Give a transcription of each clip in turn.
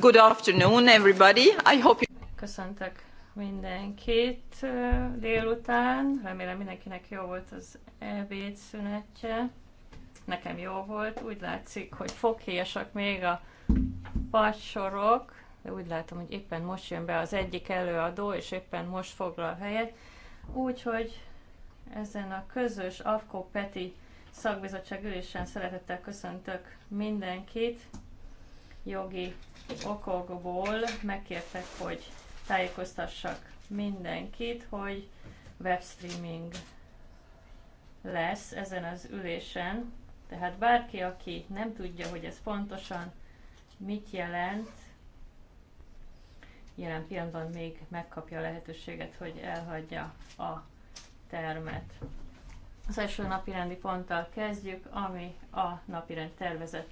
Good afternoon, everybody. I hope you... Köszöntök mindenkit délután. Remélem mindenkinek jó volt az ebéd szünetje. Nekem jó volt. Úgy látszik, hogy foghíjasak még a pacsorok. de úgy látom, hogy éppen most jön be az egyik előadó, és éppen most foglal helyet. Úgyhogy ezen a közös Avkó Peti szakbizottság ülésen szeretettel köszöntök mindenkit jogi okokból megkértek, hogy tájékoztassak mindenkit, hogy webstreaming lesz ezen az ülésen. Tehát bárki, aki nem tudja, hogy ez pontosan mit jelent, jelen pillanatban még megkapja a lehetőséget, hogy elhagyja a termet. Az első napi rendi ponttal kezdjük, ami a napirend tervezett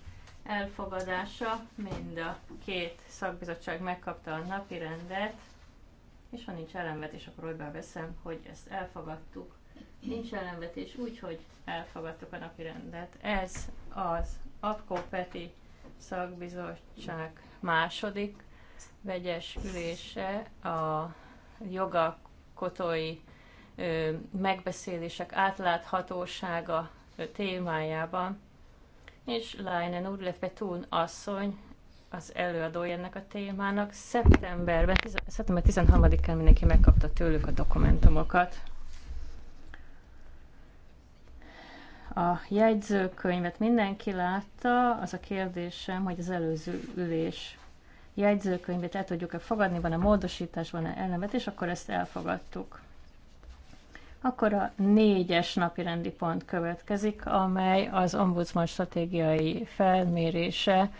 elfogadása. Mind a két szakbizottság megkapta a napi rendet, és ha nincs ellenvetés, akkor olyba veszem, hogy ezt elfogadtuk. Nincs ellenvetés, úgyhogy elfogadtuk a napi rendet. Ez az APKO Peti szakbizottság második vegyes ülése a jogakotói megbeszélések átláthatósága témájában és Leinen úr, illetve Thun asszony az előadó ennek a témának. Szeptemberben, szeptember 13-án mindenki megkapta tőlük a dokumentumokat. A jegyzőkönyvet mindenki látta, az a kérdésem, hogy az előző ülés jegyzőkönyvét el tudjuk-e fogadni, van-e módosítás, van-e ellenvetés, akkor ezt elfogadtuk. Akkor a négyes napi rendi pont következik, amely az ombudsman stratégiai felmérése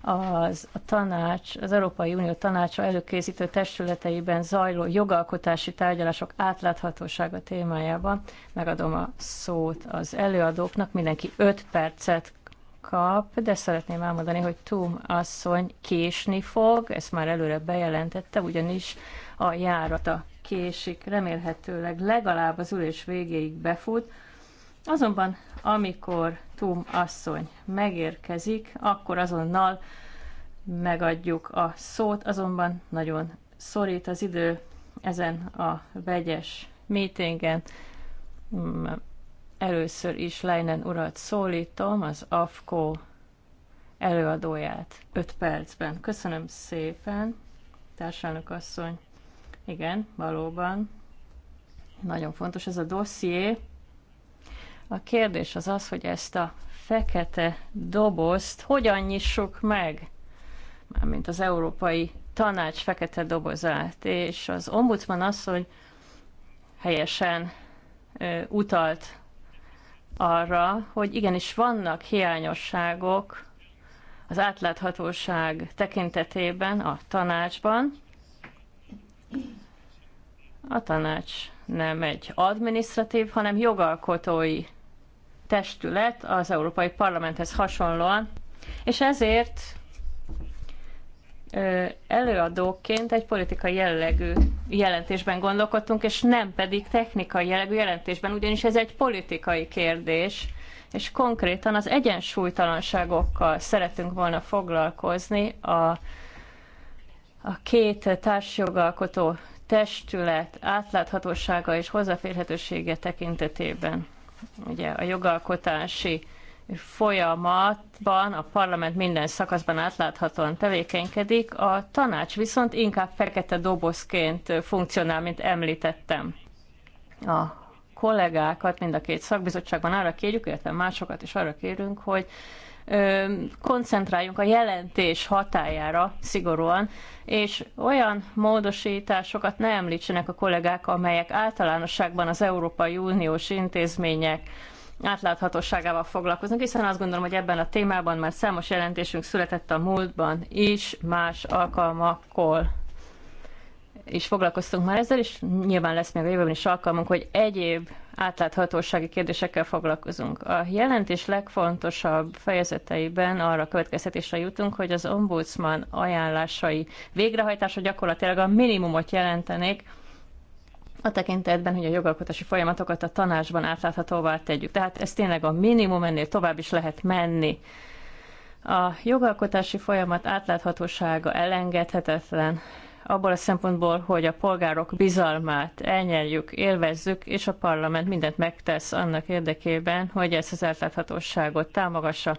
az a tanács, az Európai Unió tanácsa előkészítő testületeiben zajló jogalkotási tárgyalások átláthatósága témájában. Megadom a szót az előadóknak, mindenki 5 percet kap, de szeretném elmondani, hogy Tum asszony késni fog, ezt már előre bejelentette, ugyanis a járata késik, remélhetőleg legalább az ülés végéig befut. Azonban, amikor Tum asszony megérkezik, akkor azonnal megadjuk a szót, azonban nagyon szorít az idő ezen a vegyes meetingen. Mm, először is Leinen urat szólítom, az AFKO előadóját 5 percben. Köszönöm szépen, társadalmi asszony. Igen, valóban. Nagyon fontos ez a dosszié. A kérdés az az, hogy ezt a fekete dobozt hogyan nyissuk meg, mármint az Európai Tanács fekete dobozát. És az ombudsman az, hogy helyesen ö, utalt arra, hogy igenis vannak hiányosságok az átláthatóság tekintetében a tanácsban, a tanács nem egy administratív, hanem jogalkotói testület az Európai Parlamenthez hasonlóan, és ezért előadóként egy politikai jellegű jelentésben gondolkodtunk, és nem pedig technikai jellegű jelentésben, ugyanis ez egy politikai kérdés, és konkrétan az egyensúlytalanságokkal szeretünk volna foglalkozni a a két társjogalkotó testület átláthatósága és hozzáférhetősége tekintetében. Ugye a jogalkotási folyamatban a parlament minden szakaszban átláthatóan tevékenykedik, a tanács viszont inkább fekete dobozként funkcionál, mint említettem. A kollégákat mind a két szakbizottságban arra kérjük, illetve másokat is arra kérünk, hogy koncentráljunk a jelentés hatájára szigorúan, és olyan módosításokat ne említsenek a kollégák, amelyek általánosságban az Európai Uniós intézmények átláthatóságával foglalkoznak. hiszen azt gondolom, hogy ebben a témában már számos jelentésünk született a múltban is más alkalmakkor is foglalkoztunk már ezzel, és nyilván lesz még a jövőben is alkalmunk, hogy egyéb átláthatósági kérdésekkel foglalkozunk. A jelentés legfontosabb fejezeteiben arra következtetésre jutunk, hogy az ombudsman ajánlásai végrehajtása gyakorlatilag a minimumot jelentenék, a tekintetben, hogy a jogalkotási folyamatokat a tanácsban átláthatóvá tegyük. Tehát ez tényleg a minimum, ennél tovább is lehet menni. A jogalkotási folyamat átláthatósága elengedhetetlen abból a szempontból, hogy a polgárok bizalmát elnyerjük, élvezzük, és a parlament mindent megtesz annak érdekében, hogy ezt az átláthatóságot támogassa,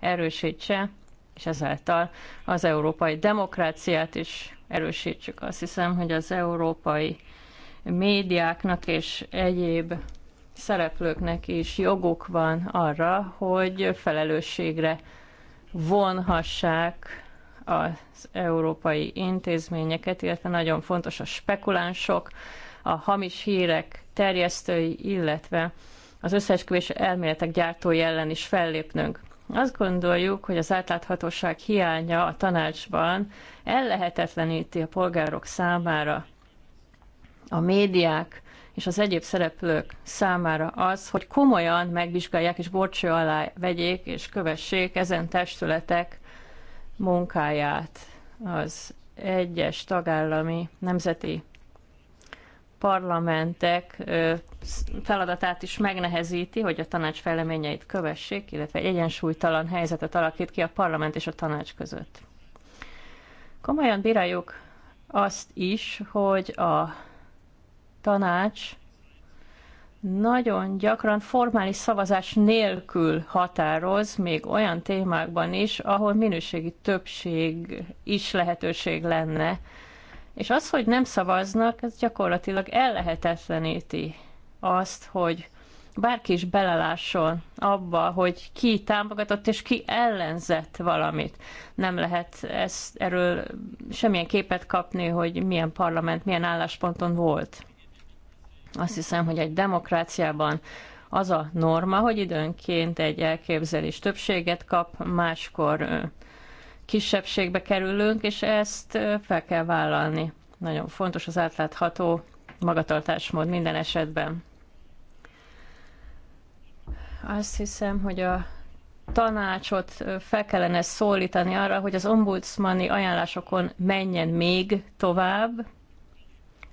erősítse, és ezáltal az európai demokráciát is erősítsük. Azt hiszem, hogy az európai médiáknak és egyéb szereplőknek is joguk van arra, hogy felelősségre vonhassák az európai intézményeket, illetve nagyon fontos a spekulánsok, a hamis hírek terjesztői, illetve az összeesküvés elméletek gyártói ellen is fellépnünk. Azt gondoljuk, hogy az átláthatóság hiánya a tanácsban ellehetetleníti a polgárok számára, a médiák és az egyéb szereplők számára az, hogy komolyan megvizsgálják és borcső alá vegyék és kövessék ezen testületek munkáját az egyes tagállami nemzeti parlamentek feladatát is megnehezíti, hogy a tanács fejleményeit kövessék, illetve egy egyensúlytalan helyzetet alakít ki a parlament és a tanács között. Komolyan bíráljuk azt is, hogy a tanács nagyon gyakran formális szavazás nélkül határoz, még olyan témákban is, ahol minőségi többség is lehetőség lenne. És az, hogy nem szavaznak, ez gyakorlatilag ellehetetleníti azt, hogy bárki is belelásson abba, hogy ki támogatott és ki ellenzett valamit. Nem lehet ezt, erről semmilyen képet kapni, hogy milyen parlament, milyen állásponton volt. Azt hiszem, hogy egy demokráciában az a norma, hogy időnként egy elképzelés többséget kap, máskor kisebbségbe kerülünk, és ezt fel kell vállalni. Nagyon fontos az átlátható magatartásmód minden esetben. Azt hiszem, hogy a tanácsot fel kellene szólítani arra, hogy az ombudsmani ajánlásokon menjen még tovább,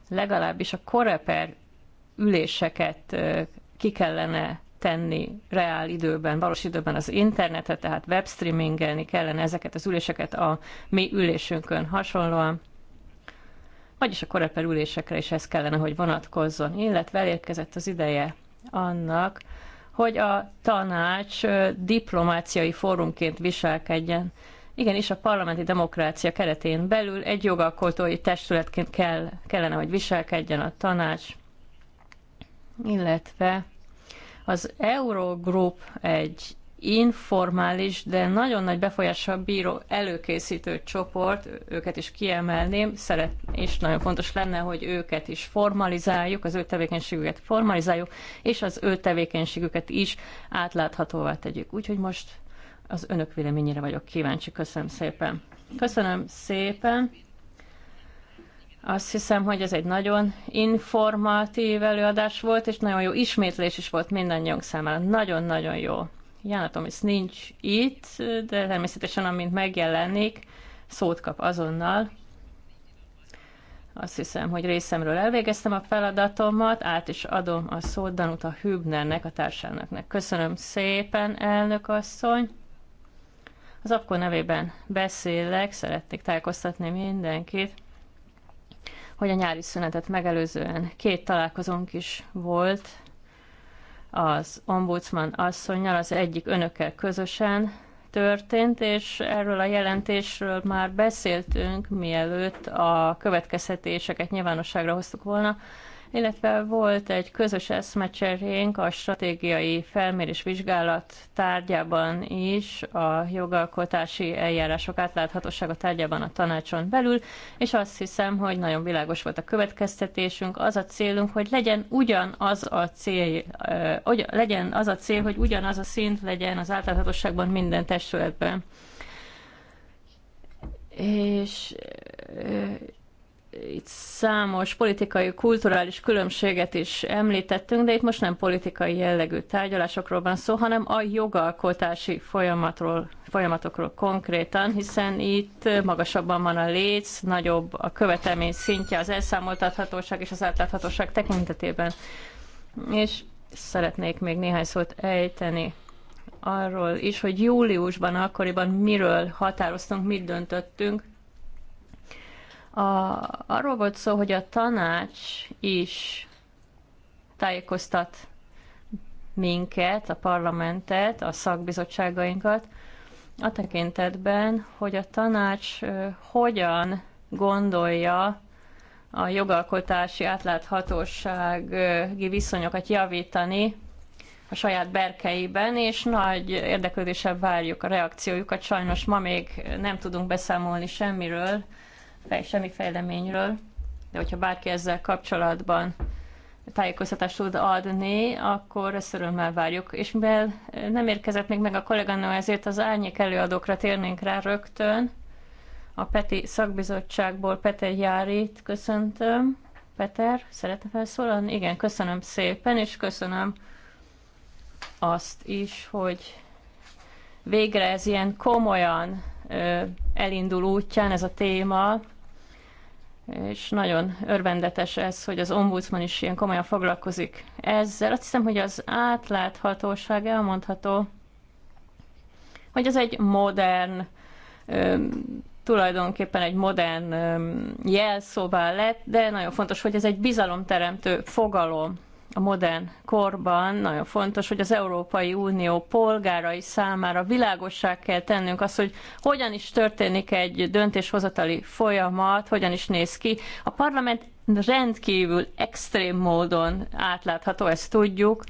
legalábbis a koreper üléseket ki kellene tenni reál időben, valós időben az internetet, tehát webstreamingelni kellene ezeket az üléseket a mi ülésünkön hasonlóan. Vagyis a koreper ülésekre is ez kellene, hogy vonatkozzon, illetve elérkezett az ideje annak, hogy a tanács diplomáciai fórumként viselkedjen. Igenis, a parlamenti demokrácia keretén belül egy jogalkotói testületként kell, kellene, hogy viselkedjen a tanács illetve az Eurogroup egy informális, de nagyon nagy befolyással bíró előkészítő csoport, őket is kiemelném, szeret, és nagyon fontos lenne, hogy őket is formalizáljuk, az ő tevékenységüket formalizáljuk, és az ő tevékenységüket is átláthatóvá tegyük. Úgyhogy most az önök véleményére vagyok kíváncsi. Köszönöm szépen. Köszönöm szépen. Azt hiszem, hogy ez egy nagyon informatív előadás volt, és nagyon jó ismétlés is volt mindannyiunk számára. Nagyon-nagyon jó. Jánatom, ez nincs itt, de természetesen amint megjelenik, szót kap azonnal. Azt hiszem, hogy részemről elvégeztem a feladatomat, át is adom a szót Danuta Hübnernek, a társelnöknek. Köszönöm szépen, elnök asszony! Az akkor nevében beszélek, szeretnék tájékoztatni mindenkit, hogy a nyári szünetet megelőzően két találkozónk is volt az ombudsman asszonynal, az egyik önökkel közösen történt, és erről a jelentésről már beszéltünk, mielőtt a következtetéseket nyilvánosságra hoztuk volna illetve volt egy közös eszmecserénk a stratégiai felmérés vizsgálat tárgyában is, a jogalkotási eljárások átláthatósága tárgyában a tanácson belül, és azt hiszem, hogy nagyon világos volt a következtetésünk, az a célunk, hogy legyen ugyanaz a cél, hogy legyen az a cél, hogy ugyanaz a szint legyen az átláthatóságban minden testületben. És itt számos politikai, kulturális különbséget is említettünk, de itt most nem politikai jellegű tárgyalásokról van szó, hanem a jogalkotási folyamatról, folyamatokról konkrétan, hiszen itt magasabban van a léc, nagyobb a követelmény szintje az elszámoltathatóság és az átláthatóság tekintetében. És szeretnék még néhány szót ejteni arról is, hogy júliusban akkoriban miről határoztunk, mit döntöttünk, a, arról volt szó, hogy a tanács is tájékoztat minket, a parlamentet, a szakbizottságainkat, a tekintetben, hogy a tanács hogyan gondolja a jogalkotási átláthatósági viszonyokat javítani a saját berkeiben, és nagy érdeklődéssel várjuk a reakciójukat. Sajnos ma még nem tudunk beszámolni semmiről, semmi fejleményről, de hogyha bárki ezzel kapcsolatban tájékoztatást tud adni, akkor ezt örömmel várjuk. És mivel nem érkezett még meg a kolléganő, ezért az árnyék előadókra térnénk rá rögtön. A Peti szakbizottságból Peter Járit köszöntöm. Peter, szeretne felszólalni? Igen, köszönöm szépen, és köszönöm azt is, hogy végre ez ilyen komolyan elindul útján ez a téma, és nagyon örvendetes ez, hogy az ombudsman is ilyen komolyan foglalkozik ezzel. Azt hiszem, hogy az átláthatóság elmondható, hogy ez egy modern, tulajdonképpen egy modern jelszóvá lett, de nagyon fontos, hogy ez egy bizalomteremtő fogalom a modern korban nagyon fontos, hogy az Európai Unió polgárai számára világossá kell tennünk azt, hogy hogyan is történik egy döntéshozatali folyamat, hogyan is néz ki. A parlament rendkívül extrém módon átlátható, ezt tudjuk.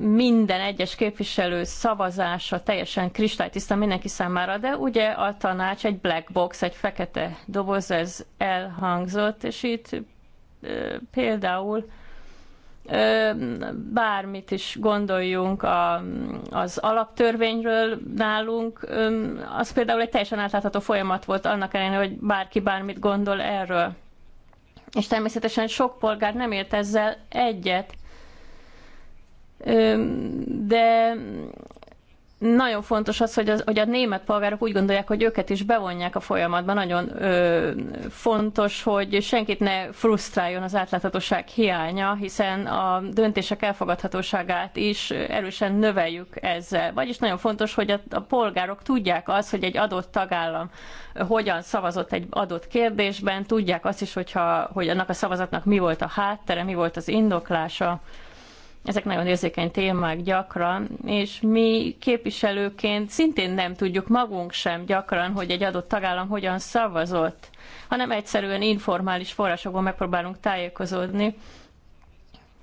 Minden egyes képviselő szavazása teljesen kristálytiszta mindenki számára, de ugye a tanács egy black box, egy fekete doboz, ez elhangzott, és itt például bármit is gondoljunk a, az alaptörvényről nálunk, az például egy teljesen átlátható folyamat volt annak ellenére, hogy bárki bármit gondol erről. És természetesen sok polgár nem ért ezzel egyet. De nagyon fontos az, hogy, az, hogy a német polgárok úgy gondolják, hogy őket is bevonják a folyamatban. Nagyon ö, fontos, hogy senkit ne frusztráljon az átláthatóság hiánya, hiszen a döntések elfogadhatóságát is erősen növeljük ezzel. Vagyis nagyon fontos, hogy a, a polgárok tudják azt, hogy egy adott tagállam hogyan szavazott egy adott kérdésben, tudják azt is, hogyha, hogy annak a szavazatnak mi volt a háttere, mi volt az indoklása ezek nagyon érzékeny témák gyakran, és mi képviselőként szintén nem tudjuk magunk sem gyakran, hogy egy adott tagállam hogyan szavazott, hanem egyszerűen informális forrásokból megpróbálunk tájékozódni.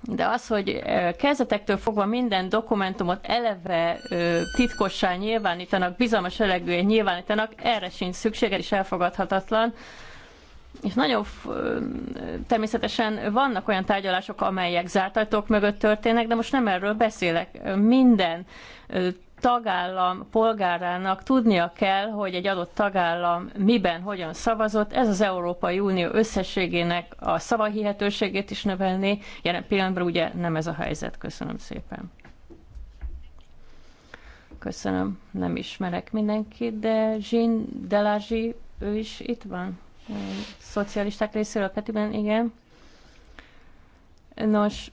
De az, hogy kezdetektől fogva minden dokumentumot eleve titkossá nyilvánítanak, bizalmas elegűen nyilvánítanak, erre sincs szükség, ez is elfogadhatatlan és nagyon természetesen vannak olyan tárgyalások, amelyek zárt ajtók mögött történnek, de most nem erről beszélek. Minden tagállam polgárának tudnia kell, hogy egy adott tagállam miben, hogyan szavazott. Ez az Európai Unió összességének a szavahihetőségét is növelni. Jelen pillanatban ugye nem ez a helyzet. Köszönöm szépen. Köszönöm. Nem ismerek mindenkit, de Jean Delazsi, ő is itt van szocialisták részéről a Petiben, igen. Nos,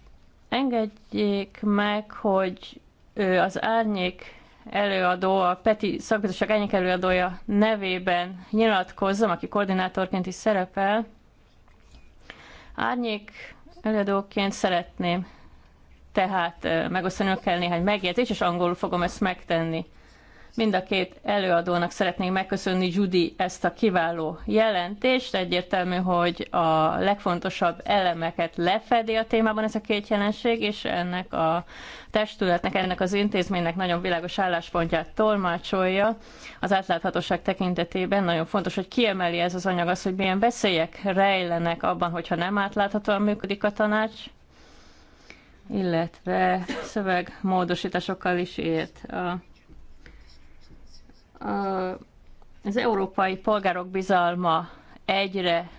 engedjék meg, hogy ő az árnyék előadó, a Peti szakbizottság árnyék előadója nevében nyilatkozzam, aki koordinátorként is szerepel. Árnyék előadóként szeretném tehát megosztani kell néhány megjegyzést, és angolul fogom ezt megtenni. Mind a két előadónak szeretnék megköszönni, Judy, ezt a kiváló jelentést. Egyértelmű, hogy a legfontosabb elemeket lefedi a témában ez a két jelenség, és ennek a testületnek, ennek az intézménynek nagyon világos álláspontját tolmácsolja. Az átláthatóság tekintetében nagyon fontos, hogy kiemeli ez az anyag az, hogy milyen veszélyek rejlenek abban, hogyha nem átláthatóan működik a tanács, illetve szövegmódosításokkal is ért a az európai polgárok bizalma egyre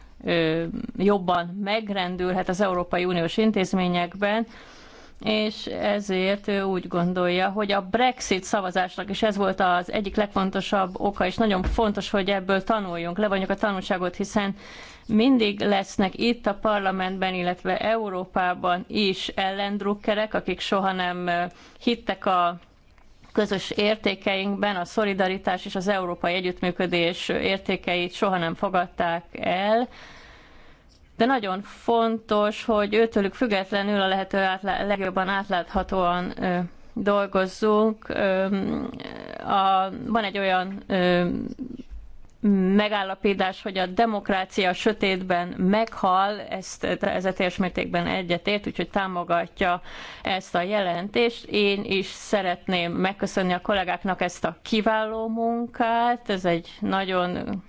jobban megrendülhet az Európai Uniós intézményekben, és ezért ő úgy gondolja, hogy a Brexit szavazásnak is ez volt az egyik legfontosabb oka, és nagyon fontos, hogy ebből tanuljunk, levonjuk a tanulságot, hiszen mindig lesznek itt a parlamentben, illetve Európában is ellendrukkerek, akik soha nem hittek a közös értékeinkben a szolidaritás és az európai együttműködés értékeit soha nem fogadták el, de nagyon fontos, hogy őtőlük függetlenül a lehető átlá- legjobban átláthatóan ö, dolgozzunk. Ö, a, van egy olyan ö, megállapítás, hogy a demokrácia a sötétben meghal, ezt ezzel teljes mértékben egyetért, úgyhogy támogatja ezt a jelentést. Én is szeretném megköszönni a kollégáknak ezt a kiváló munkát, ez egy nagyon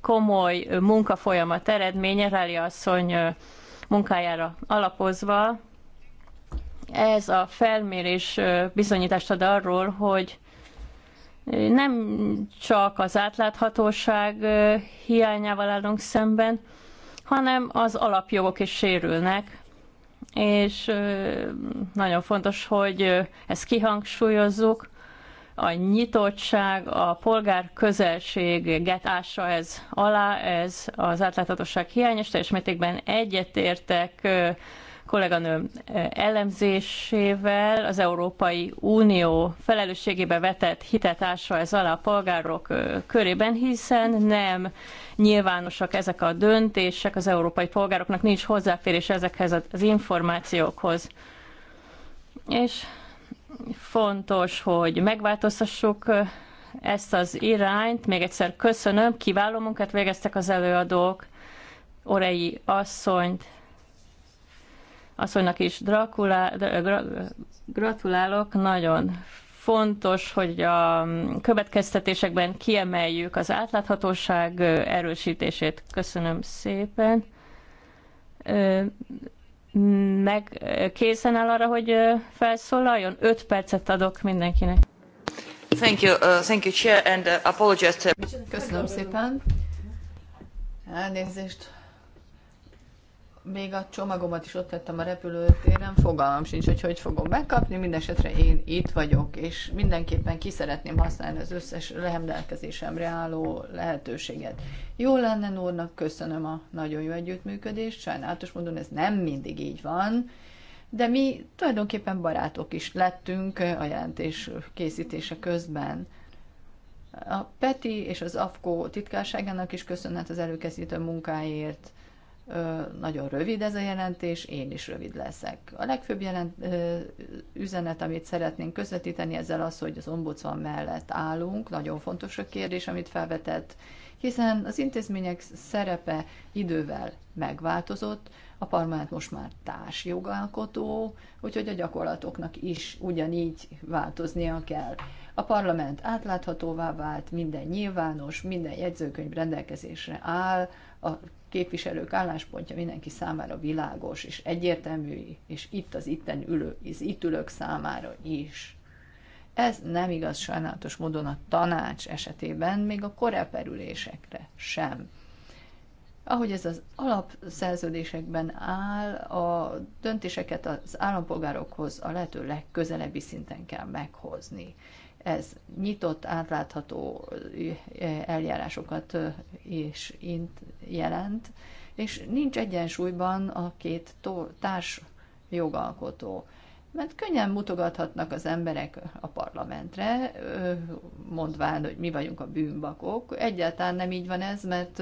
komoly munkafolyamat eredménye, Ráli asszony munkájára alapozva. Ez a felmérés bizonyítást ad arról, hogy nem csak az átláthatóság hiányával állunk szemben, hanem az alapjogok is sérülnek, és nagyon fontos, hogy ezt kihangsúlyozzuk, a nyitottság, a polgár közelség getása ez alá, ez az átláthatóság hiány, és teljes mértékben egyetértek kolléganőm eh, elemzésével az Európai Unió felelősségébe vetett hitet ássa ez alá a polgárok eh, körében, hiszen nem nyilvánosak ezek a döntések, az európai polgároknak nincs hozzáférés ezekhez az információkhoz. És fontos, hogy megváltoztassuk eh, ezt az irányt. Még egyszer köszönöm, kiváló munkát végeztek az előadók, Orei asszonyt, asszonynak is gratulálok, nagyon fontos, hogy a következtetésekben kiemeljük az átláthatóság erősítését. Köszönöm szépen. Meg készen áll arra, hogy felszólaljon? Öt percet adok mindenkinek. Thank you, uh, thank you, Chair, and uh, apologize. Köszönöm szépen. Elnézést még a csomagomat is ott tettem a repülőtéren, fogalmam sincs, hogy hogy fogom megkapni, mindesetre én itt vagyok, és mindenképpen ki szeretném használni az összes rendelkezésemre álló lehetőséget. Jó lenne Nórnak, köszönöm a nagyon jó együttműködést, sajnálatos módon ez nem mindig így van, de mi tulajdonképpen barátok is lettünk a jelentés készítése közben. A Peti és az AFKO titkárságának is köszönhet az előkészítő munkáért, nagyon rövid ez a jelentés, én is rövid leszek. A legfőbb jelent, üzenet, amit szeretnénk közvetíteni ezzel az, hogy az ombudsman mellett állunk, nagyon fontos a kérdés, amit felvetett, hiszen az intézmények szerepe idővel megváltozott, a parlament most már társjogalkotó, úgyhogy a gyakorlatoknak is ugyanígy változnia kell. A parlament átláthatóvá vált, minden nyilvános, minden jegyzőkönyv rendelkezésre áll, a képviselők álláspontja mindenki számára világos és egyértelmű, és itt az itten ülő, az itt ülők számára is. Ez nem igaz sajnálatos módon a tanács esetében, még a koreperülésekre sem. Ahogy ez az alapszerződésekben áll, a döntéseket az állampolgárokhoz a lehető legközelebbi szinten kell meghozni. Ez nyitott, átlátható eljárásokat is jelent, és nincs egyensúlyban a két társ jogalkotó mert könnyen mutogathatnak az emberek a parlamentre, mondván, hogy mi vagyunk a bűnbakok. Egyáltalán nem így van ez, mert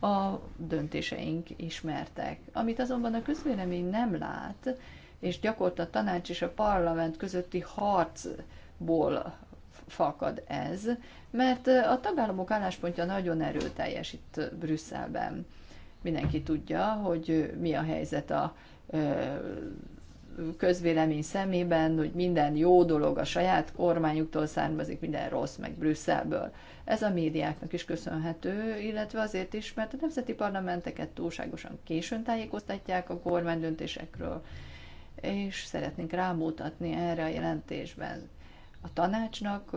a döntéseink ismertek. Amit azonban a közvélemény nem lát, és gyakorta a tanács és a parlament közötti harcból fakad ez, mert a tagállamok álláspontja nagyon erőteljes itt Brüsszelben. Mindenki tudja, hogy mi a helyzet a közvélemény szemében, hogy minden jó dolog a saját kormányuktól származik, minden rossz meg Brüsszelből. Ez a médiáknak is köszönhető, illetve azért is, mert a nemzeti parlamenteket túlságosan későn tájékoztatják a kormány döntésekről, és szeretnénk rámutatni erre a jelentésben. A tanácsnak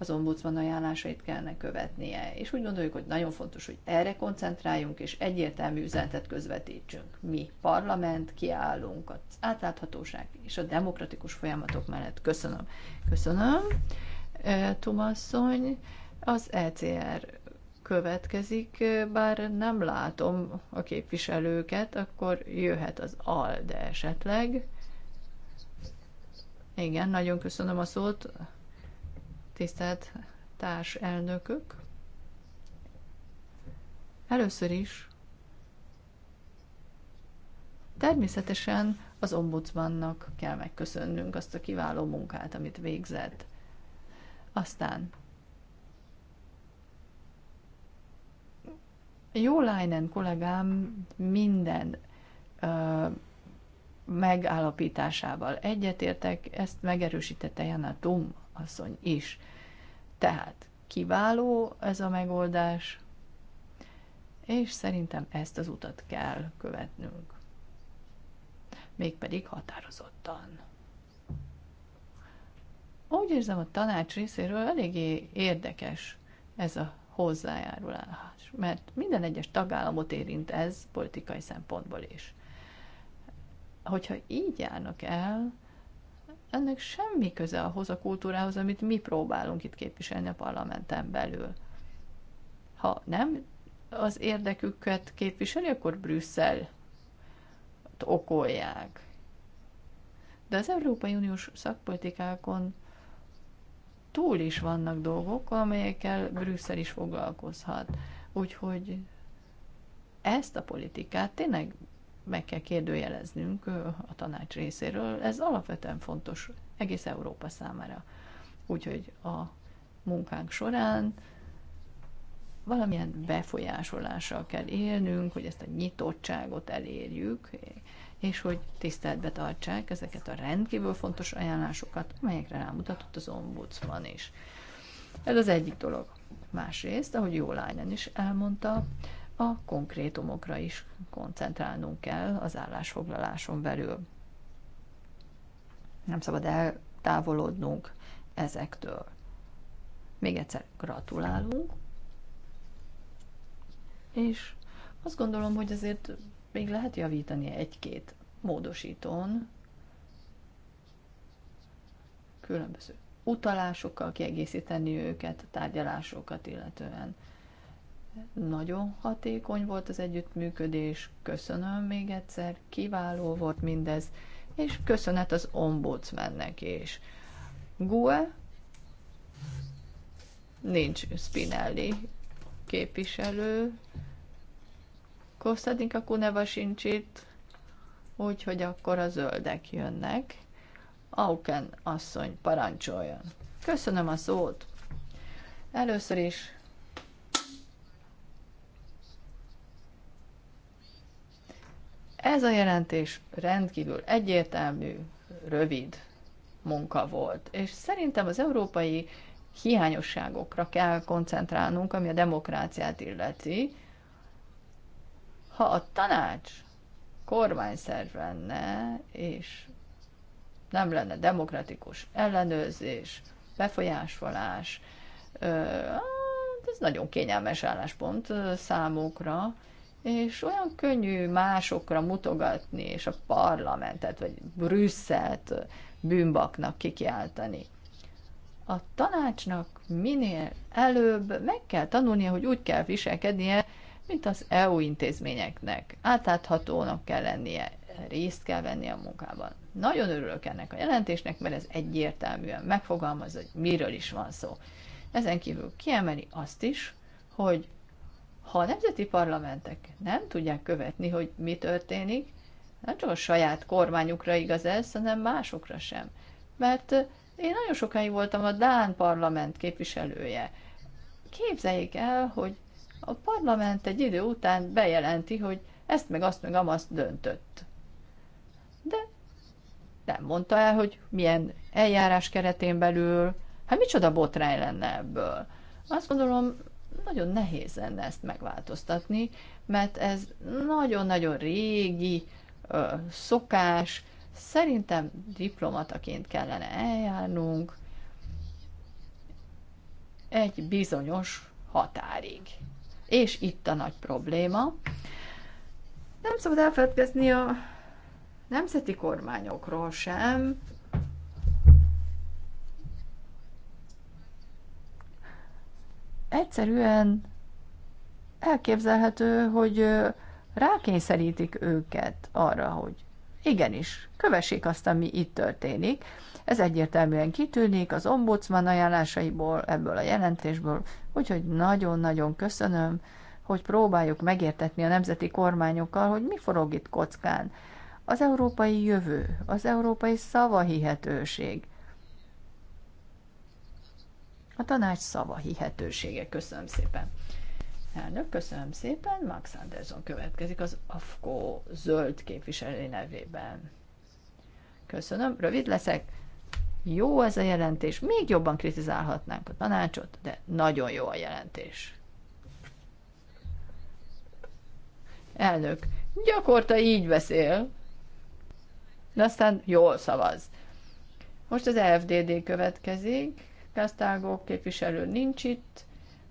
az ombudsman ajánlásait kellene követnie. És úgy gondoljuk, hogy nagyon fontos, hogy erre koncentráljunk, és egyértelmű üzenetet közvetítsünk. Mi, parlament, kiállunk az átláthatóság és a demokratikus folyamatok mellett. Köszönöm. Köszönöm. Tumasszony, az ECR következik, bár nem látom a képviselőket, akkor jöhet az ALDE esetleg. Igen, nagyon köszönöm a szót tisztelt társ elnökök! Először is természetesen az ombudsmannak kell megköszönnünk azt a kiváló munkát, amit végzett. Aztán Jó Lájnen kollégám minden uh, megállapításával egyetértek, ezt megerősítette Jana Tum asszony is. Tehát kiváló ez a megoldás, és szerintem ezt az utat kell követnünk. Mégpedig határozottan. Úgy érzem, a tanács részéről eléggé érdekes ez a hozzájárulás, mert minden egyes tagállamot érint ez politikai szempontból is. Hogyha így járnak el, ennek semmi köze ahhoz a kultúrához, amit mi próbálunk itt képviselni a parlamenten belül. Ha nem az érdeküket képviseli, akkor Brüsszel okolják. De az Európai Uniós szakpolitikákon túl is vannak dolgok, amelyekkel Brüsszel is foglalkozhat. Úgyhogy ezt a politikát tényleg meg kell kérdőjeleznünk a tanács részéről. Ez alapvetően fontos egész Európa számára. Úgyhogy a munkánk során valamilyen befolyásolással kell élnünk, hogy ezt a nyitottságot elérjük, és hogy tiszteletbe tartsák ezeket a rendkívül fontos ajánlásokat, amelyekre rámutatott az ombudsman is. Ez az egyik dolog. Másrészt, ahogy Jó Lányan is elmondta, a konkrétumokra is koncentrálnunk kell az állásfoglaláson belül. Nem szabad eltávolodnunk ezektől. Még egyszer gratulálunk, és azt gondolom, hogy azért még lehet javítani egy-két módosítón, különböző utalásokkal kiegészíteni őket, tárgyalásokat illetően. Nagyon hatékony volt az együttműködés, köszönöm még egyszer, kiváló volt mindez, és köszönet az ombudsmannek is. GUE, nincs Spinelli képviselő, Kostadinka Kuneva sincs itt, úgyhogy akkor a zöldek jönnek. Auken asszony parancsoljon. Köszönöm a szót. Először is Ez a jelentés rendkívül egyértelmű, rövid munka volt, és szerintem az európai hiányosságokra kell koncentrálnunk, ami a demokráciát illeti. Ha a tanács kormányszerv lenne, és nem lenne demokratikus ellenőrzés, befolyásolás, hát ez nagyon kényelmes álláspont számukra, és olyan könnyű másokra mutogatni, és a parlamentet, vagy Brüsszelt bűnbaknak kikiáltani. A tanácsnak minél előbb meg kell tanulnia, hogy úgy kell viselkednie, mint az EU intézményeknek. Átláthatónak kell lennie, részt kell vennie a munkában. Nagyon örülök ennek a jelentésnek, mert ez egyértelműen megfogalmaz, hogy miről is van szó. Ezen kívül kiemeli azt is, hogy ha a nemzeti parlamentek nem tudják követni, hogy mi történik, nem csak a saját kormányukra igaz ez, hanem másokra sem. Mert eh, én nagyon sokáig voltam a Dán parlament képviselője. Képzeljék el, hogy a parlament egy idő után bejelenti, hogy ezt meg azt meg amazt döntött. De nem mondta el, hogy milyen eljárás keretén belül, hát micsoda botrány lenne ebből. Azt gondolom, nagyon nehéz lenne ezt megváltoztatni, mert ez nagyon-nagyon régi ö, szokás, szerintem diplomataként kellene eljárnunk egy bizonyos határig. És itt a nagy probléma. Nem szabad elfeledkezni a nemzeti kormányokról sem, egyszerűen elképzelhető, hogy rákényszerítik őket arra, hogy igenis, kövessék azt, ami itt történik. Ez egyértelműen kitűnik az ombudsman ajánlásaiból, ebből a jelentésből, úgyhogy nagyon-nagyon köszönöm, hogy próbáljuk megértetni a nemzeti kormányokkal, hogy mi forog itt kockán. Az európai jövő, az európai szavahihetőség, a tanács szava hihetősége. Köszönöm szépen. Elnök, köszönöm szépen. Max Anderson következik az AFKO zöld képviselő nevében. Köszönöm, rövid leszek. Jó ez a jelentés, még jobban kritizálhatnánk a tanácsot, de nagyon jó a jelentés. Elnök, gyakorta így beszél, de aztán jól szavaz. Most az FDD következik. Gazdágó képviselő nincs itt,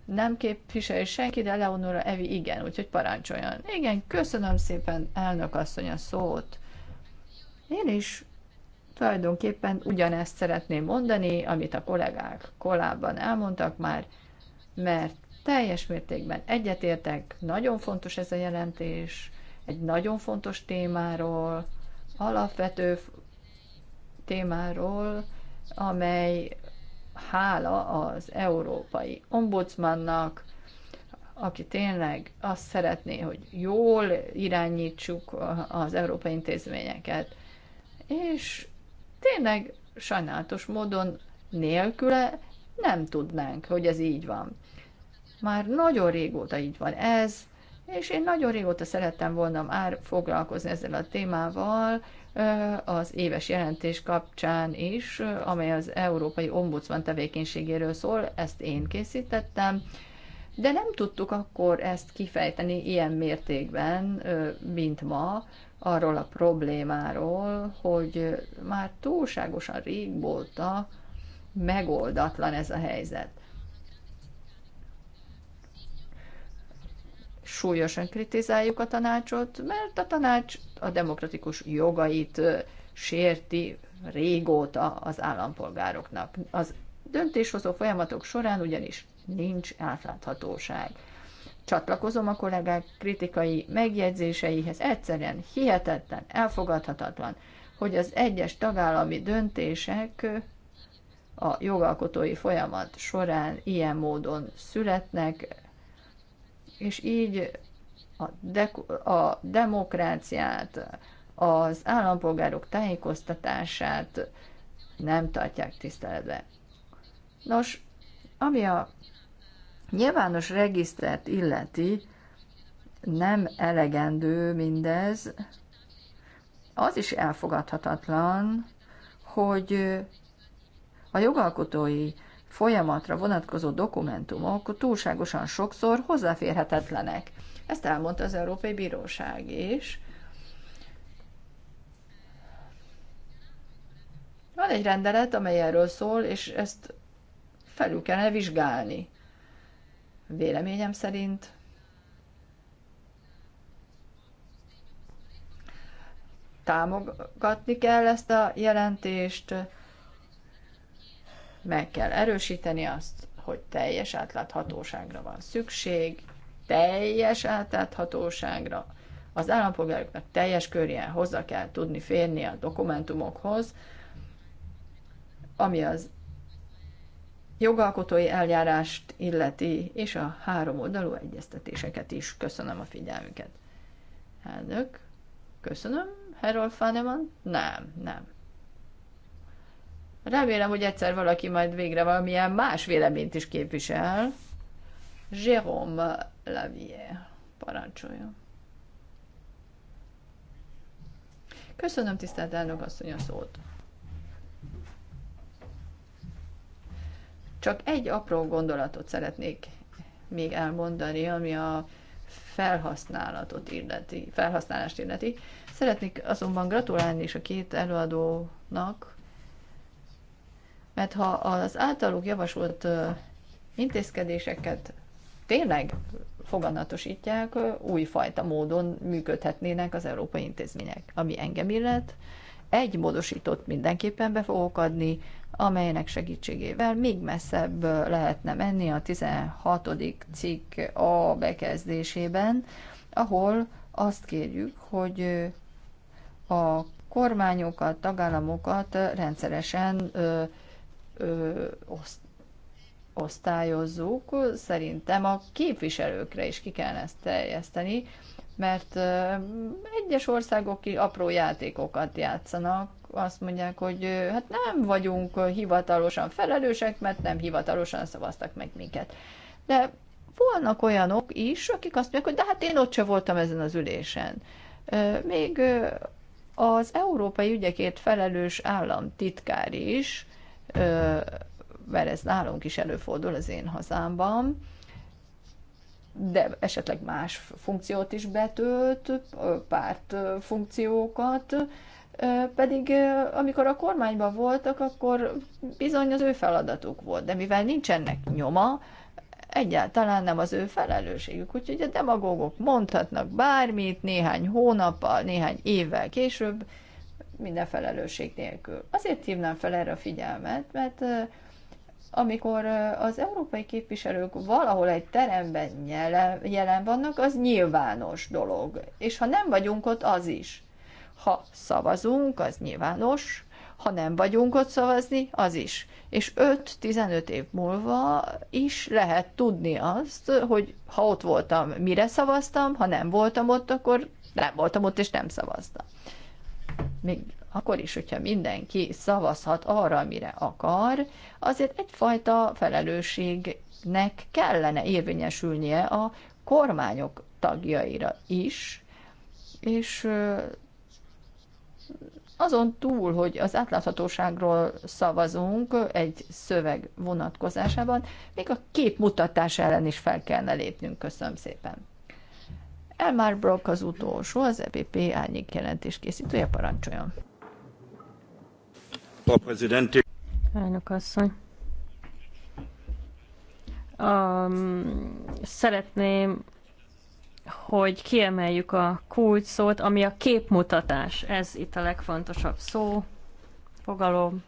nem képvisel senki, de Leonora Evi igen, úgyhogy parancsoljon. Igen, köszönöm szépen elnök asszony a szót. Én is tulajdonképpen ugyanezt szeretném mondani, amit a kollégák kolában elmondtak már, mert teljes mértékben egyetértek, nagyon fontos ez a jelentés, egy nagyon fontos témáról, alapvető témáról, amely hála az európai ombudsmannak, aki tényleg azt szeretné, hogy jól irányítsuk az európai intézményeket. És tényleg sajnálatos módon nélküle nem tudnánk, hogy ez így van. Már nagyon régóta így van ez, és én nagyon régóta szerettem volna már foglalkozni ezzel a témával, az éves jelentés kapcsán is, amely az Európai Ombudsman tevékenységéről szól, ezt én készítettem, de nem tudtuk akkor ezt kifejteni ilyen mértékben, mint ma, arról a problémáról, hogy már túlságosan rég volt a megoldatlan ez a helyzet. súlyosan kritizáljuk a tanácsot, mert a tanács a demokratikus jogait sérti régóta az állampolgároknak. Az döntéshozó folyamatok során ugyanis nincs átláthatóság. Csatlakozom a kollégák kritikai megjegyzéseihez, egyszerűen hihetetlen, elfogadhatatlan, hogy az egyes tagállami döntések a jogalkotói folyamat során ilyen módon születnek, és így a, de- a demokráciát, az állampolgárok tájékoztatását nem tartják tiszteletbe. Nos, ami a nyilvános regisztrát illeti, nem elegendő mindez. Az is elfogadhatatlan, hogy a jogalkotói folyamatra vonatkozó dokumentumok túlságosan sokszor hozzáférhetetlenek. Ezt elmondta az Európai Bíróság is. Van egy rendelet, amely erről szól, és ezt felül kellene vizsgálni. Véleményem szerint támogatni kell ezt a jelentést, meg kell erősíteni azt, hogy teljes átláthatóságra van szükség, teljes átláthatóságra. Az állampolgároknak teljes körjén hozzá kell tudni férni a dokumentumokhoz, ami az jogalkotói eljárást illeti, és a három oldalú egyeztetéseket is. Köszönöm a figyelmüket. Elnök, köszönöm. Harold Faneman? Nem, nem. Remélem, hogy egyszer valaki majd végre valamilyen más véleményt is képvisel. Jérôme Lavier, parancsoljon. Köszönöm, tisztelt elnök asszony, a szót. Csak egy apró gondolatot szeretnék még elmondani, ami a felhasználatot illeti, felhasználást illeti. Szeretnék azonban gratulálni is a két előadónak, mert ha az általuk javasolt intézkedéseket tényleg foganatosítják, újfajta módon működhetnének az európai intézmények, ami engem illet. Egy módosított mindenképpen be fogok adni, amelynek segítségével még messzebb lehetne menni a 16. cikk a bekezdésében, ahol azt kérjük, hogy a kormányokat, tagállamokat rendszeresen ö, oszt, osztályozzuk, szerintem a képviselőkre is ki kellene ezt teljeszteni, mert ö, egyes országok ki apró játékokat játszanak, azt mondják, hogy hát nem vagyunk hivatalosan felelősek, mert nem hivatalosan szavaztak meg minket. De vannak olyanok is, akik azt mondják, hogy de hát én ott se voltam ezen az ülésen. Még az európai ügyekért felelős államtitkár is mert ez nálunk is előfordul az én hazámban, de esetleg más funkciót is betölt, párt funkciókat, pedig amikor a kormányban voltak, akkor bizony az ő feladatuk volt, de mivel nincsenek nyoma, egyáltalán nem az ő felelősségük. Úgyhogy a demagógok mondhatnak bármit néhány hónappal, néhány évvel később, minden felelősség nélkül. Azért hívnám fel erre a figyelmet, mert amikor az európai képviselők valahol egy teremben jelen vannak, az nyilvános dolog. És ha nem vagyunk ott, az is. Ha szavazunk, az nyilvános, ha nem vagyunk ott szavazni, az is. És 5-15 év múlva is lehet tudni azt, hogy ha ott voltam, mire szavaztam, ha nem voltam ott, akkor nem voltam ott, és nem szavaztam még akkor is, hogyha mindenki szavazhat arra, amire akar, azért egyfajta felelősségnek kellene érvényesülnie a kormányok tagjaira is, és azon túl, hogy az átláthatóságról szavazunk egy szöveg vonatkozásában, még a képmutatás ellen is fel kellene lépnünk. Köszönöm szépen. Elmar Brock az utolsó, az EPP árnyék jelentés készítője, parancsoljon. Elnök asszony. Um, szeretném hogy kiemeljük a kult szót, ami a képmutatás. Ez itt a legfontosabb szó, fogalom.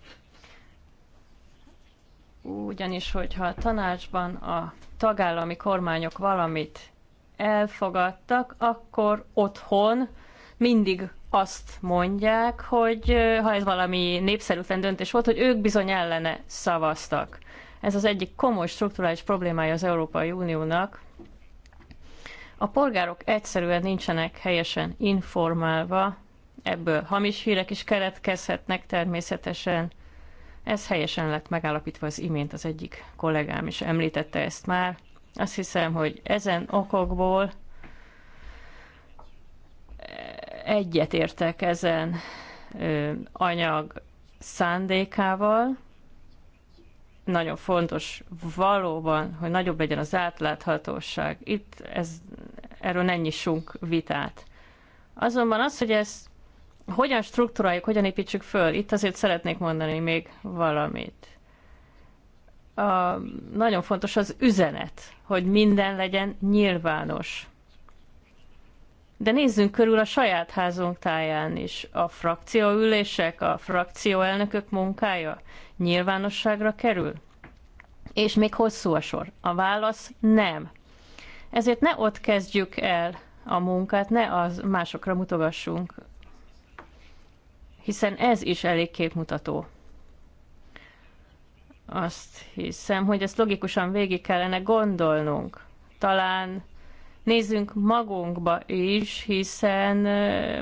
Ugyanis, hogyha a tanácsban a tagállami kormányok valamit elfogadtak, akkor otthon mindig azt mondják, hogy ha ez valami népszerűtlen döntés volt, hogy ők bizony ellene szavaztak. Ez az egyik komoly strukturális problémája az Európai Uniónak. A polgárok egyszerűen nincsenek helyesen informálva, ebből hamis hírek is keletkezhetnek természetesen. Ez helyesen lett megállapítva az imént, az egyik kollégám is említette ezt már. Azt hiszem, hogy ezen okokból egyetértek ezen anyag szándékával. Nagyon fontos valóban, hogy nagyobb legyen az átláthatóság. Itt ez, erről ne nyissunk vitát. Azonban az, hogy ezt hogyan struktúráljuk, hogyan építsük föl, itt azért szeretnék mondani még valamit a, nagyon fontos az üzenet, hogy minden legyen nyilvános. De nézzünk körül a saját házunk táján is. A frakcióülések, a frakcióelnökök munkája nyilvánosságra kerül? És még hosszú a sor. A válasz nem. Ezért ne ott kezdjük el a munkát, ne az másokra mutogassunk, hiszen ez is elég képmutató. Azt hiszem, hogy ezt logikusan végig kellene gondolnunk. Talán nézzünk magunkba is, hiszen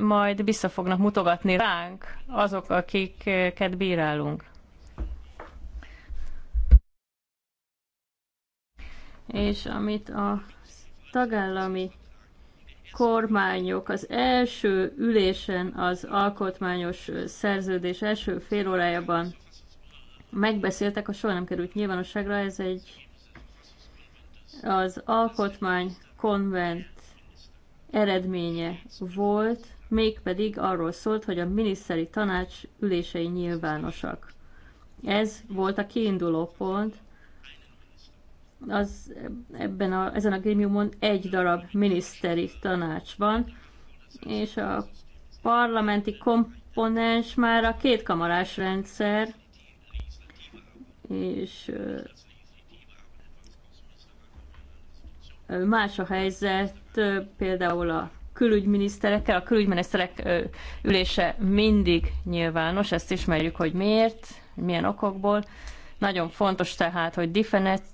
majd vissza fognak mutogatni ránk azok, akiket bírálunk. És amit a tagállami kormányok az első ülésen az alkotmányos szerződés első fél órájában megbeszéltek, a soha nem került nyilvánosságra, ez egy az alkotmány konvent eredménye volt, mégpedig arról szólt, hogy a miniszteri tanács ülései nyilvánosak. Ez volt a kiinduló pont, az ebben a, ezen a grémiumon egy darab miniszteri tanács van, és a parlamenti komponens már a kétkamarás rendszer, és más a helyzet például a külügyminiszterekkel. A külügyminiszterek ülése mindig nyilvános, ezt ismerjük, hogy miért, milyen okokból. Nagyon fontos tehát, hogy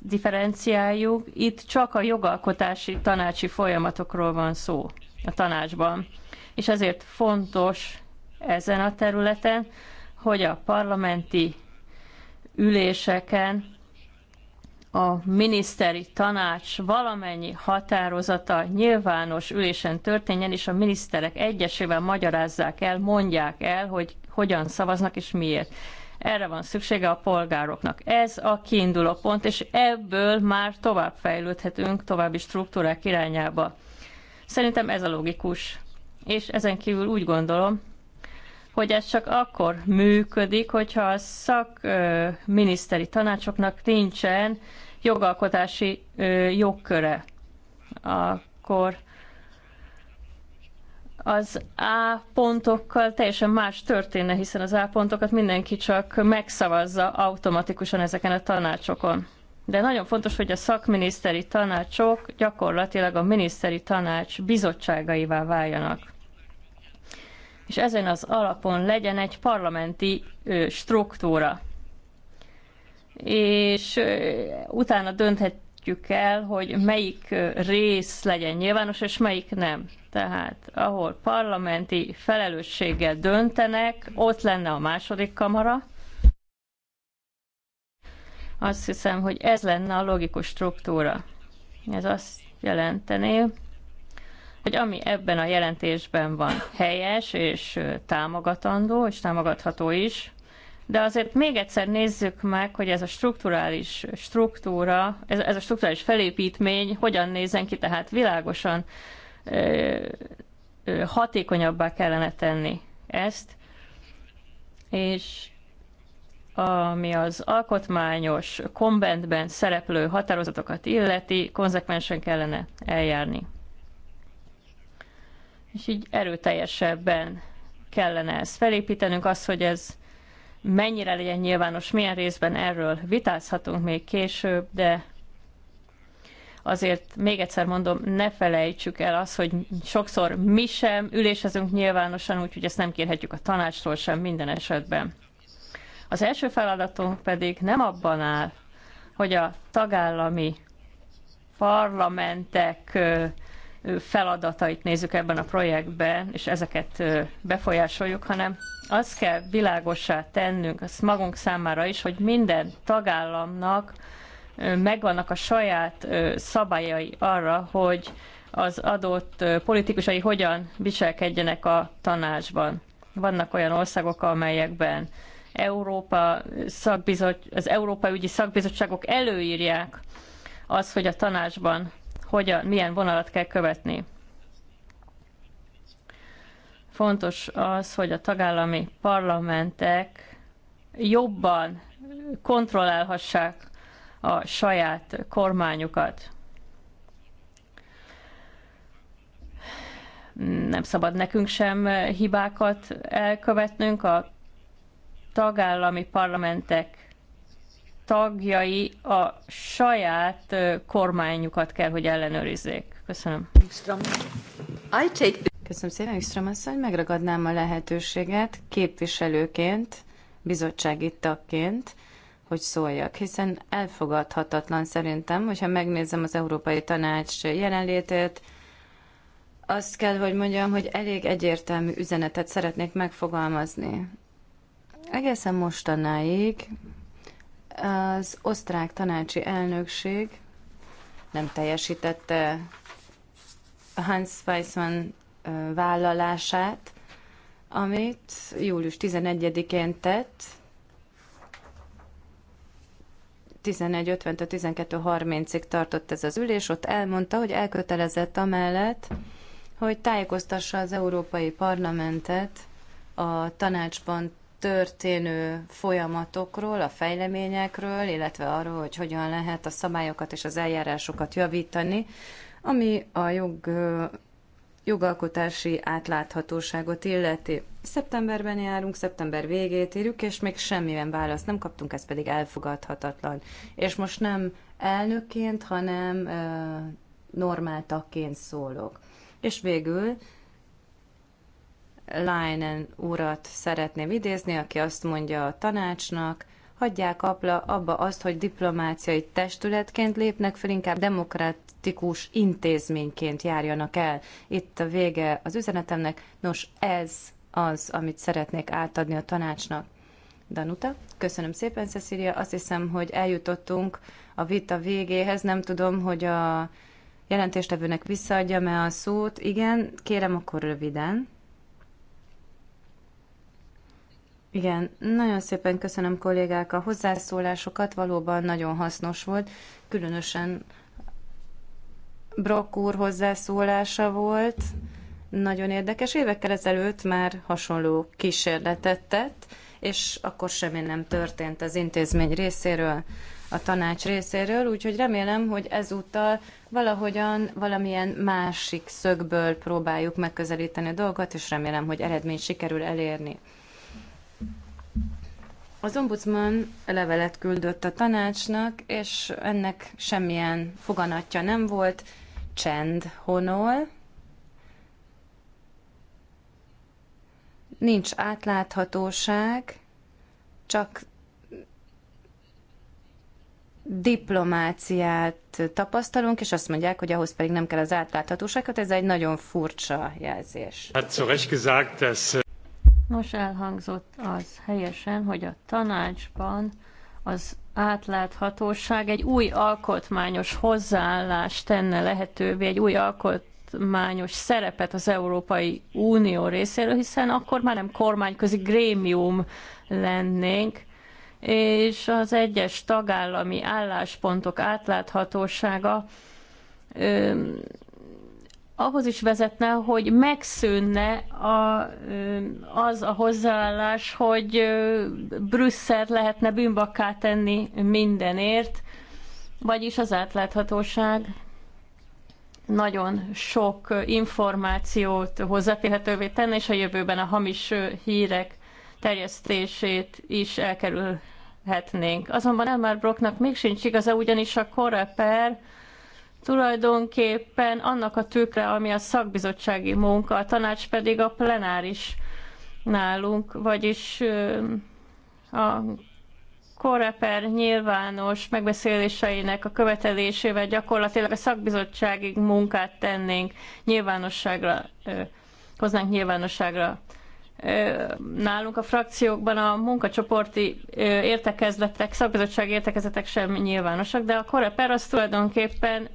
differenciáljuk. Itt csak a jogalkotási tanácsi folyamatokról van szó a tanácsban, és ezért fontos ezen a területen, hogy a parlamenti üléseken a miniszteri tanács valamennyi határozata nyilvános ülésen történjen, és a miniszterek egyesével magyarázzák el, mondják el, hogy hogyan szavaznak és miért. Erre van szüksége a polgároknak. Ez a kiinduló pont, és ebből már tovább fejlődhetünk, további struktúrák irányába. Szerintem ez a logikus. És ezen kívül úgy gondolom, hogy ez csak akkor működik, hogyha a szakminiszteri tanácsoknak nincsen jogalkotási jogköre. Akkor az A pontokkal teljesen más történne, hiszen az A pontokat mindenki csak megszavazza automatikusan ezeken a tanácsokon. De nagyon fontos, hogy a szakminiszteri tanácsok gyakorlatilag a miniszteri tanács bizottságaivá váljanak és ezen az alapon legyen egy parlamenti struktúra. És utána dönthetjük el, hogy melyik rész legyen nyilvános, és melyik nem. Tehát ahol parlamenti felelősséggel döntenek, ott lenne a második kamara. Azt hiszem, hogy ez lenne a logikus struktúra. Ez azt jelentené, hogy ami ebben a jelentésben van helyes és támogatandó, és támogatható is, de azért még egyszer nézzük meg, hogy ez a strukturális struktúra, ez, ez a strukturális felépítmény hogyan nézen ki, tehát világosan ö, ö, hatékonyabbá kellene tenni ezt, és ami az alkotmányos kombentben szereplő határozatokat illeti, konzekvensen kellene eljárni és így erőteljesebben kellene ezt felépítenünk, az, hogy ez mennyire legyen nyilvános, milyen részben erről vitázhatunk még később, de azért még egyszer mondom, ne felejtsük el azt, hogy sokszor mi sem ülésezünk nyilvánosan, úgyhogy ezt nem kérhetjük a tanácstól sem minden esetben. Az első feladatunk pedig nem abban áll, hogy a tagállami parlamentek feladatait nézzük ebben a projektben, és ezeket befolyásoljuk, hanem azt kell világossá tennünk, azt magunk számára is, hogy minden tagállamnak megvannak a saját szabályai arra, hogy az adott politikusai hogyan viselkedjenek a tanácsban. Vannak olyan országok, amelyekben Európa szakbizot, az Európa ügyi szakbizottságok előírják azt, hogy a tanácsban hogyan, milyen vonalat kell követni. Fontos az, hogy a tagállami parlamentek jobban kontrollálhassák a saját kormányukat. Nem szabad nekünk sem hibákat elkövetnünk, a tagállami parlamentek tagjai a saját kormányukat kell, hogy ellenőrizzék. Köszönöm. Köszönöm szépen, Üström asszony. Megragadnám a lehetőséget képviselőként, bizottsági tagként, hogy szóljak, hiszen elfogadhatatlan szerintem, hogyha megnézem az Európai Tanács jelenlétét, azt kell, hogy mondjam, hogy elég egyértelmű üzenetet szeretnék megfogalmazni. Egészen mostanáig az osztrák tanácsi elnökség nem teljesítette Hans Weissmann vállalását, amit július 11-én tett, 11.50-12.30-ig tartott ez az ülés, ott elmondta, hogy elkötelezett amellett, hogy tájékoztassa az Európai Parlamentet a tanácsban történő folyamatokról, a fejleményekről, illetve arról, hogy hogyan lehet a szabályokat és az eljárásokat javítani, ami a jog, jogalkotási átláthatóságot illeti. Szeptemberben járunk, szeptember végét írjuk, és még semmilyen választ nem kaptunk, ez pedig elfogadhatatlan. És most nem elnökként, hanem normál tagként szólok. És végül Leinen urat szeretném idézni, aki azt mondja a tanácsnak, hagyják apla, abba azt, hogy diplomáciai testületként lépnek fel, inkább demokratikus intézményként járjanak el. Itt a vége az üzenetemnek. Nos, ez az, amit szeretnék átadni a tanácsnak. Danuta, köszönöm szépen, Cecilia. Azt hiszem, hogy eljutottunk a vita végéhez. Nem tudom, hogy a jelentéstevőnek visszaadjam-e a szót. Igen, kérem akkor röviden. Igen, nagyon szépen köszönöm kollégák a hozzászólásokat, valóban nagyon hasznos volt, különösen Brock úr hozzászólása volt, nagyon érdekes. Évekkel ezelőtt már hasonló kísérletet tett, és akkor semmi nem történt az intézmény részéről, a tanács részéről, úgyhogy remélem, hogy ezúttal valahogyan valamilyen másik szögből próbáljuk megközelíteni a dolgot, és remélem, hogy eredményt sikerül elérni. Az ombudsman levelet küldött a tanácsnak, és ennek semmilyen foganatja nem volt. Csend honol. Nincs átláthatóság, csak diplomáciát tapasztalunk, és azt mondják, hogy ahhoz pedig nem kell az átláthatóságot, ez egy nagyon furcsa jelzés. Hát szóval gesagt, dass Nos, elhangzott az helyesen, hogy a tanácsban az átláthatóság egy új alkotmányos hozzáállást tenne lehetővé, egy új alkotmányos szerepet az Európai Unió részéről, hiszen akkor már nem kormányközi grémium lennénk, és az egyes tagállami álláspontok átláthatósága ahhoz is vezetne, hogy megszűnne a, az a hozzáállás, hogy Brüsszelt lehetne bűnbakká tenni mindenért, vagyis az átláthatóság nagyon sok információt hozzáférhetővé tenni, és a jövőben a hamis hírek terjesztését is elkerülhetnénk. Azonban Elmar Brocknak még sincs igaza, ugyanis a Koreper tulajdonképpen annak a tükre, ami a szakbizottsági munka, a tanács pedig a plenáris nálunk, vagyis a koreper nyilvános megbeszéléseinek a követelésével gyakorlatilag a szakbizottsági munkát tennénk nyilvánosságra, hoznánk nyilvánosságra. Nálunk a frakciókban a munkacsoporti értekezletek, szakbizottsági értekezletek sem nyilvánosak, de a koreper az tulajdonképpen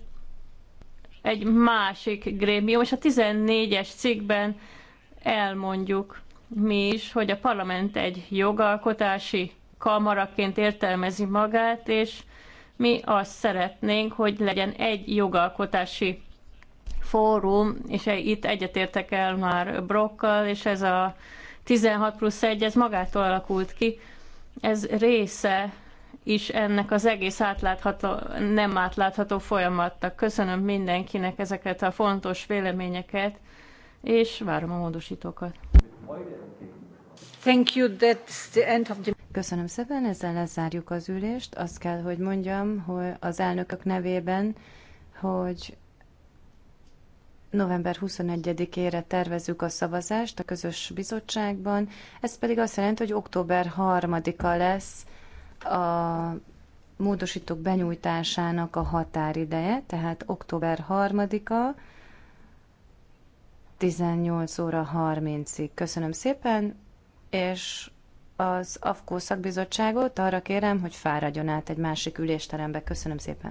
egy másik grémium, és a 14-es cikkben elmondjuk mi is, hogy a parlament egy jogalkotási kamaraként értelmezi magát, és mi azt szeretnénk, hogy legyen egy jogalkotási fórum, és e- itt egyetértek el már Brokkal, és ez a 16 plusz 1, ez magától alakult ki. Ez része is ennek az egész átlátható, nem átlátható folyamatnak. Köszönöm mindenkinek ezeket a fontos véleményeket, és várom a módosítókat. Thank you, that's the end of the... Köszönöm szépen, ezzel lezárjuk az ülést. Azt kell, hogy mondjam, hogy az elnökök nevében, hogy november 21-ére tervezzük a szavazást a közös bizottságban, ez pedig azt jelenti, hogy október 3-a lesz a módosítók benyújtásának a határideje, tehát október 3-a, 18 óra 30-ig. Köszönöm szépen, és az AFKO szakbizottságot arra kérem, hogy fáradjon át egy másik ülésterembe. Köszönöm szépen.